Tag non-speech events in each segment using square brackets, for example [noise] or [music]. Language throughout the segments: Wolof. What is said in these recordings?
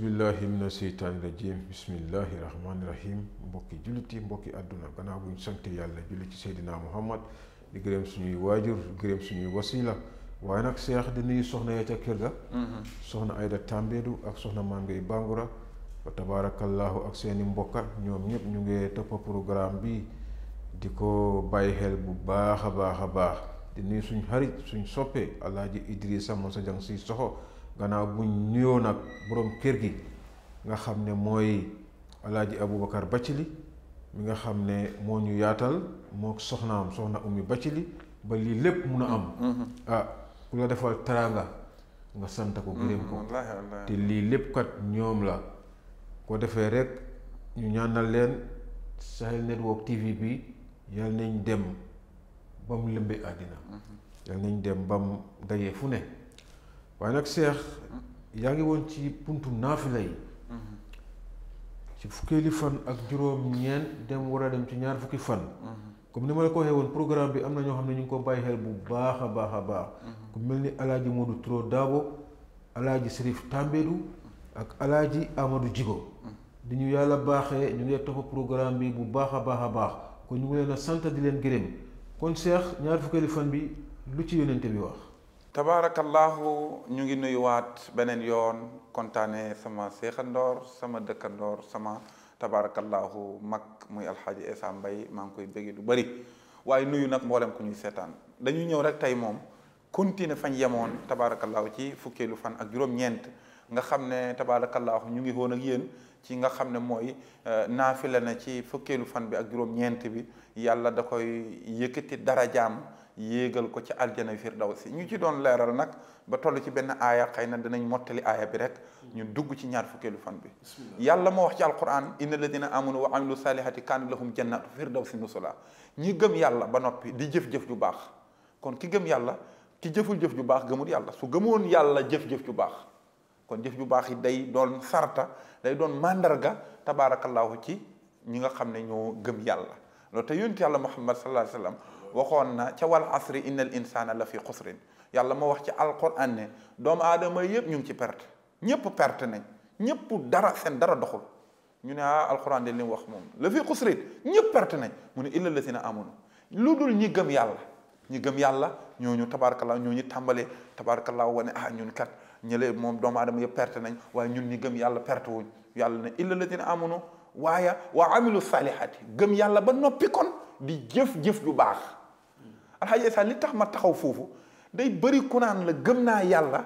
billahi mina seytaani rajim bismillahi rahmaani rahim mbokki julliti mbokki àdduna gannaaw bu ñu sant yàlla julli ci seydina muhammad di gërëm suñuy waajur di gërëm suñuy wasila waaye nag seex di nuyu soxna ya ca kër ga mm-hmm. soxna ayda tàmbeedu ak soxna maam ngay bàngura fa tabaarakallaahu ak seeni mbokka ñoom ñëpp ñu ngi toppa programme bi di ko bàyyi xel bu baax a baax a baax di nuy suñ xarit suñ soppee alaaji idrissa man sa jang si soxo gannaaw buñ nuyoo nag boroom kër gi nga xam ne mooy alaaji Aboubacar li mi nga xam ne moo ñu yaatal moo soxnaam soxna Oumy li ba lii lépp mun a am mm-hmm. ah ku la defal teraanga nga sant ko gërëm ko mm-hmm. te lii lépp kat ñoom la ko defee rekk ñu ñaanal leen Sahel Network TV bi yal nañ dem ba mu lëmbee àddina mm-hmm. yal nañ dem ba mu dajee fu ne waaye nag seex yaa ngi woon ci buntu naafila yi ci fukkeeli fan ak juróom-ñeent dem war a dem ci ñaar fukki fan. comme ni ma la ko waxee woon programme bi am na ñoo xam ne ñu ngi ko bàyyi xel bu baax a baax a baax. ku mel ni El Hadj Modou Turo Dabo El Hadj Serif Tambédou ak El Hadj Amadou Djigo. di ñu yàlla baaxee ñu ngi topp programme bi bu baax a baax a baax kon ñu ngi leen a sant di leen gërëm kon seex ñaar fukkeeli fan bi lu ci yónnente bi wax. tabaarakallaahu ñu ngi nuyuwaat beneen yoon kontaane sama seexandoor sama dëkkandoor sama tabaarakallaahu mag muy alxaaji Essa Mbaye maa ngi koy bëggee lu bëri waaye nuyu nag mboolem ku ñuy seetaan dañuy ñëw rek tey moom continuer fañ yemoon tabaarakallaahu ci fukkeelu fan ak juróom-ñeent nga xam ne tabaarakallaahu ñu ngi woon ak yéen ci nga xam ne mooy euh, naafila na ci fukkeelu fan bi ak juróom-ñeent bi yàlla da koy yëkkati dara jaam yéegal ko ci aljana firdawsi ñu ci doon leeral nag ba toll ci benn aaya xëy na dinañ mottali aaya bi rek ñu dugg ci ñaar fukkeelu fan bi yàlla moo wax ci alquran inna alladina amanu wa amilu salihati kaana lahum jannatu firdawsi nusula ñi gëm yàlla ba noppi di jëf-jëf ju baax kon ki gëm yàlla ki jëful jëf ju baax gëmul yàlla su gëmoon yàlla jëf-jëf ju baax kon jëf ju baax yi day doon sarta day doon mandarga tabaarakallaahu ci ñi nga xam ne ñoo gëm yàlla loolu te yonent yàlla muhammad sallallahu alayhi wa sallam waxoon na ca wal asri innal insana la fi xusrin yàlla moo wax ci alquran ne doomu aadama yëpp ñu ngi ci perte ñëpp perte nañ ñëpp dara seen dara doxul ñu ne ah alquran de li mu wax moom la fi xusrin ñëpp perte nañ mu ne illa la si na amoon lu dul ñi gëm yàlla ñi gëm yàlla ñooñu tabaarkalla ñooñu tàmbalee tabaarkalla wane ah ñun kat ñële moom doomu aadama yëpp perte nañ waaye ñun ñi gëm yàlla perte wuñ yàlla ne illa la si na amoon waaye waa amilu salihati gëm yàlla ba noppi kon di jëf-jëf ju baax alxaaji sa li tax ma taxaw foofu day bëri ku naan la gëm naa yàlla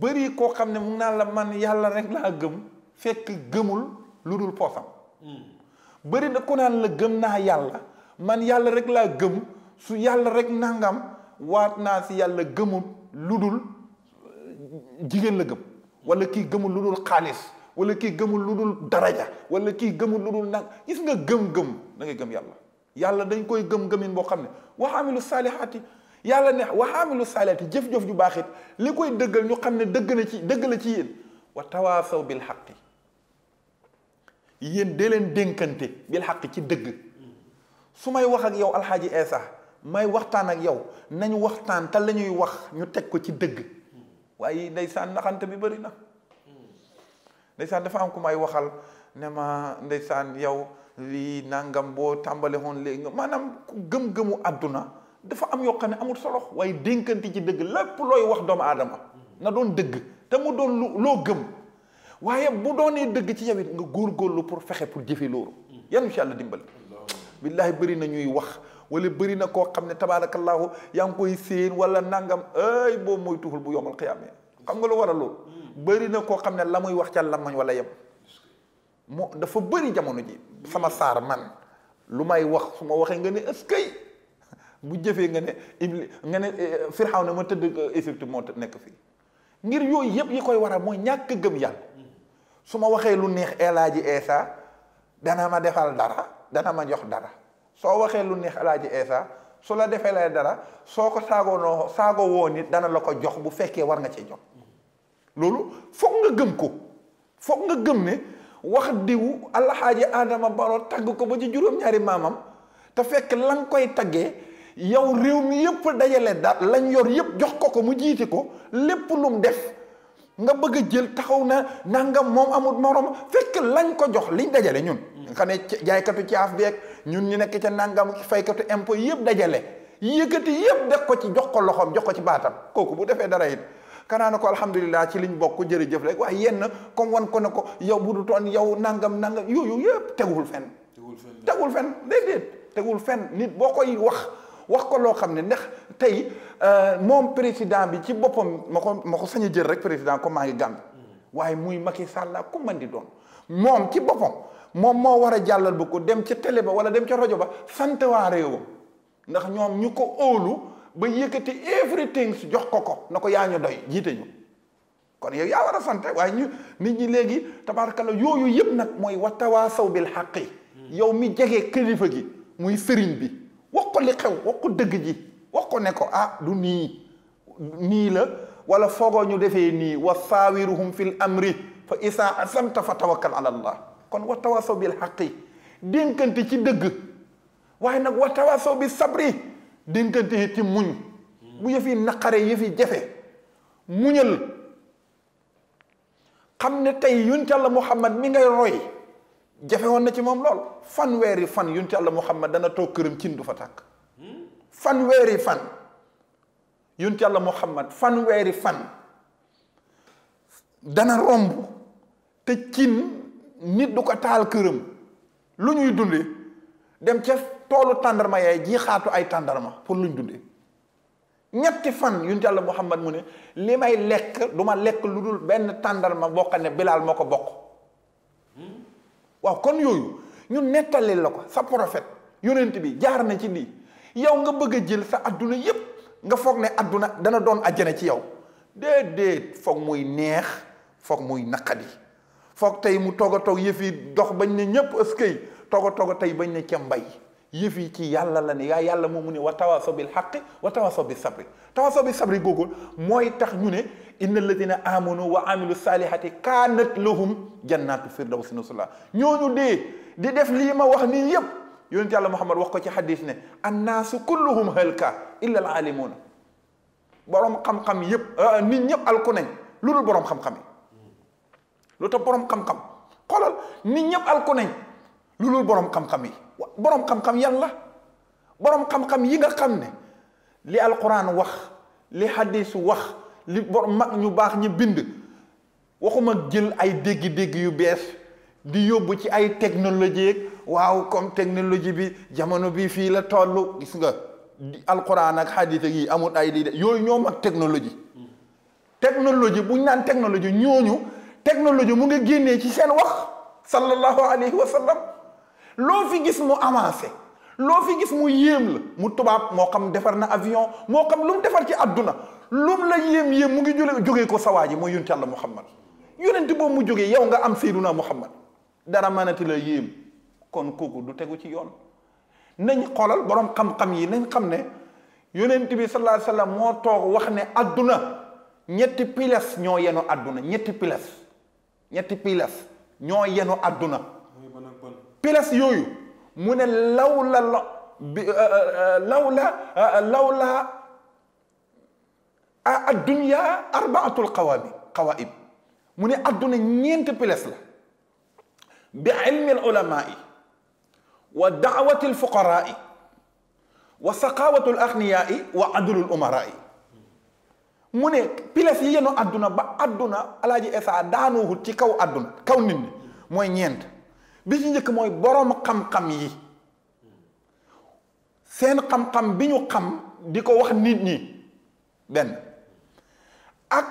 bëri koo xam ne mu naan la man yàlla rek laa gëm fekk gëmul lu dul poosam bëri na ku naan la gëm naa yàlla man yàlla rek laa gëm su yàlla rek nangam waat naa si yàlla gëmul lu dul jigéen la gëm wala kii gëmul lu dul xaalis wala kii gëmul lu dul daraja wala kii gëmul lu dul nag gis nga gëm-gëm da ngay gëm yàlla yàlla dañ koy gëm-gëmin boo xam ne waxaamilu saalihaati yàlla ne waxaamilu saalihaati jëf-jëf ju baax it li koy dëggal ñu xam ne dëgg na ci dëgg la ci yéen wa tawaasaw bil xaqi yéen dee dénkante bil ci dëgg su may wax ak yow alxaaji esa may waxtaan ak yow nañu waxtaan te la ñuy wax ñu teg ko ci dëgg waaye ndeysaan naxante bi bëri na ndeysaan dafa am ku may waxal ne ma ndeysaan yow lii nangam boo tàmbale woon léegi maanaam gëm-gëmu àdduna dafa am yoo xam ne amul solo waaye dénkanti ci dëgg lépp looy wax doomu aadama na doon dëgg te mu doon lu loo gëm waaye bu doonee dëgg ci nga góor góor lu pour fexe pour jëfe loolu yan incha allah dimbali billaahi bëri na ñuy wax wala bëri na koo xam ne tabaarakallaahu yaa ngi koy séen wala nangam ay boobu mooy tuxul bu yomal xiyaamee xam nga lu war a loolu mm. bëri na koo xam ne la muy wax ca lamañ wala yem mu dafa jamu jamono ji sama sar man lu may wax su ma waxee nga ne ëskay [laughs] bu jëfee nga ne ibli nga ne eh, eh, firxaw ne ma tëdd eh, Égypte moo nekk fii ngir yooyu yëpp yi wara waral mooy ñàkk gëm yàlla su ma lu neex dana ma defal dara dana ma jox dara soo waxee lu neex elaji esa su la defee lay dara soo ko saagoo sago saagoo woon it dana la ko jox bu fekkee war nga cee jox loolu nga gëm ko nga gëm ne wax diwu alxaaji Adama Barrow tagg ko ba ci juróom-ñaari maamam te fekk lan koy taggee yow réew mi yépp dajale daal lañ yor yépp jox ko ko mu jiite ko lépp lu def nga bëgg a jël taxaw na nangam moom amul morom fekk lañ ko jox liñ dajale ñun nga xam ne jaaykatu caaf beeg ñun ñu nekk ca nangam faykatu impôt yépp dajale yëkkati yépp def ko ci jox ko loxoom jox ko ci baatam kooku bu defee dara it kanaa na ko alhamdulilah ci liñ bokk jërëjëf rek waaye yenn comme wan ko ne ko yow bu du toon yow nangam nangam yooyu yëpp teguwul fenn teguwul fenn déedéet teguwul fenn nit boo koy wax wax ko loo xam ne ndax tey euh, moom président bi ci boppam ma ko ma ko sañ a rek président comme maa ngi gàmb mm. waaye muy Macky Sall ku man di doon moom ci boppam moom moo war a jàllal bu ko dem ca tele ba wala dem ca rajo ba sant waa réewam ndax ñoom ñu ko óolu ba yëkkati everything jox ko ko na ko yaa ñu doy jiite ñu kon yow yaa war a sant waaye ñu nit ñi léegi tabaarkalla yooyu yëpp nag mooy watawaasaw bil xaqi yow mi jege kilifa gi muy sëriñ bi wax ko li xew wax ko dëgg ji wax ko ne ko ah du nii nii la wala foogoo ñu defee nii wa saawiruhum fil amri fa isaa asamta fa tawakkal ala allah kon watawaasaw bil xaqi dénkante ci dëgg waaye nag watawaasaw bi sabri dénkante yi ci muñ bu yëf yi naqare yëf yi jafe muñal xam ne tey yonent Yàlla Muhammad mi ngay roy jafe woon na ci moom lool fanweeri fan yonent Yàlla Muhammad dana toog këram cin du fa tàkk fanweeri fan yonent Yàlla Muhammad fanweeri fan dana romb te cin nit du ko taal këram lu ñuy dunde dem ca toolu tàndarma yaay ji xaatu ay tàndarma pour luñ dundee ñetti fan yuñ jàll Muhammad mu ne li may lekk du ma lekk lu dul benn tàndarma boo xam ne Bilaal moo ko bokk waaw kon yooyu ñu nettali la ko sa yu yonent bi jaar na ci lii yow nga bëgg a jël sa àdduna yépp nga foog ne adduna dana doon ajjana ci yow déedéet foog muy neex foog muy naqadi foog tey mu toog a toog yëf dox bañ ne ñépp ëskëy togo togo tay bañ ne ci mbay yëf ci yàlla la ne ya yàlla mo muni wa tawaso bil haqq wa tawaso bis sabr tawaso bis sabr gogol moy tax ñu ne innal ladina amanu wa amilu salihati kanat lahum jannatu firdawsi nusula ñooñu de di def li ma wax ni yeb yonent yàlla muhammad wax ko ci hadith ne annaasu kulluhum halka illa al alimun borom xam-xam yeb nit ñëpp alku nañ lu dul borom xam-xam lu ta borom xam-xam xolal nit ñëpp ku nañ lu dul borom xam-xam yi borom xam-xam yan la borom xam-xam yi nga xam ne li alquran wax li hadis wax li borom mag ñu baax ñi bind waxuma jël ay dégg-dégg yu bees di yóbbu ci ay technologie waaw comme technologie bi jamono bi fii la toll gis nga alquran ak hadis yi amul ay di de yooyu ñoom ak technologie. technologie bu ñu naan technologie ñooñu technologie mu ngi génnee ci seen wax sallallahu alayhi wa loo fi gis mu avancé loo fi gis mu yéem la mu tubaab moo xam defar na avion mo xam lum mu defar ci àdduna lu la yem yem mu ngi jule jógee ko sawaji mo mooy yonent yàlla Muhammad yonent boobu mu jógee yow nga am Seyduna Muhammad dara mënati la yem kon kooku du tegu ci yoon nañ xoolal borom xam-xam yi nañ xam ne yonent bi sallallahu alayhi wasallam mo moo toog wax ne àdduna ñetti pilas ñoo yenu àdduna ñetti pilas ñetti pilas ñoo yenu àdduna بلاس يويو من لولا آه، آه، آه، لولا لولا الدنيا أربعة القوائم قوائم من الدنيا نينت بلاس لا بعلم العلماء ودعوة الفقراء وسقاوة الأغنياء وعدل الأمراء من بلاس ينو أدنى با الدنيا على جي إسعى دانوه تكو الدنيا كونين موي نينت bi ci borong mooy borom xam-xam yi seen xam-xam bi ñu xam di ko wax nit ñi ak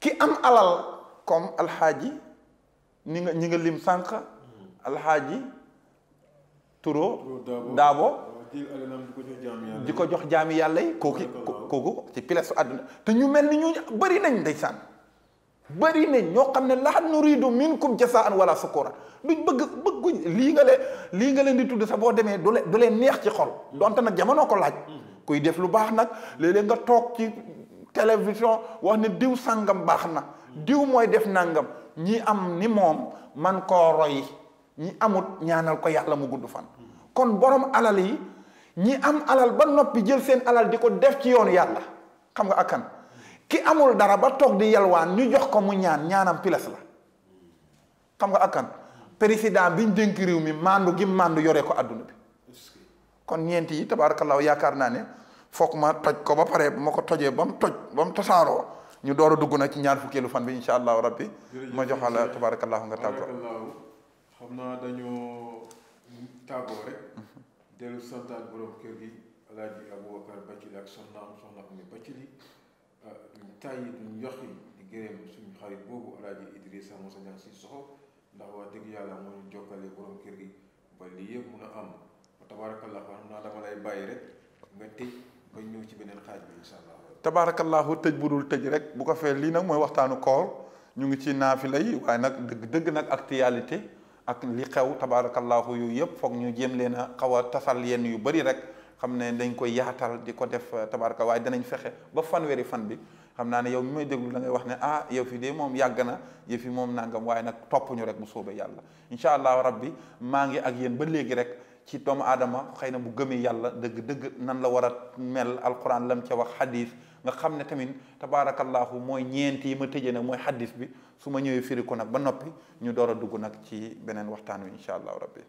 ki am alal comme alxaaji ni nga ñi nga lim al haji turo daabo di ko jox jaami yàlla yi kooku kooku ci pilesu àdduna te ñu mel ni ñu bëri nañ ndeysaan bëri nañ ñoo xam ne laa nuridu minkum jasaan wala sukura duñ bëgg bëgguñ lii nga leen lii nga leen di tudd sax boo demee du leen du leen neex ci xol donte nag jamono ko laaj. kuy def lu baax nag léeg-léeg nga toog ci télévision wax ne diw sàngam baax na diw mooy def nàngam ñi am ni moom man koo roy ñi amut ñaanal ko yàlla mu gudd fan. kon borom alal yi ñi am alal ba noppi jël seen alal di ko def ci yoonu yàlla xam nga akan ki amul dara ba toog di yalwaan ñu jox ko mu ñaan ñaanam pilas la xam nga akan président biñ dénk réew mi mandu gi mandu yore ko aduna bi kon ñeent yi tabarakallah yaakaar naa ne foog ma toj ko ba pare ma ko tojee ba mu toj ba mu tasaaroo ñu door dugg nag ci ñaar fukkeelu fan bi insha allahu rabbi ma joxala tabarakallah nga tàggoo xam naa dañoo tàggoo rek dellu santaat borom kër gi alaaji aboubacar bacili ak soxnaam soxna umi bacili duñ tàyyi duñ yoxi di si soxo ndax dëgg yàlla moo ñu jokkale gi ba a am ba bàyyi rek nga tëj ba ci beneen xaaj bi incha tëj bu dul tëj rek bu ko fee lii nag mooy waxtaanu koor ñu ngi ci naafila yi waaye nag dëgg dëgg nag actualité ak li xew tabaarakallahu yooyu yëpp foog ñu jéem leen a xaw a tasal yenn yu bëri rek. xam ne dañ ko yaatal di ko def euh, tabarka waaye danañ fexe ba fanweeri fan bi xam naa ne yow mu may déglu da ngay wax ne ah yow fi de moom yàgg na yow fi moom nangam waaye nag topp ñu rek bu soobee yàlla incha allahu rabbi maa ngi ak yéen ba léegi rek ci doomu aadama xëy na bu gëmee yàlla dëgg-dëgg nan la war a mel alquran lam ca wax xadis nga xam ne tamit tabaarakallahu mooy ñeent yi ma tëjee nag mooy xaddiis bi su ma ñëwee firi nag ba noppi ñu door a dugg nag ci beneen waxtaan wi incha allahu rabbi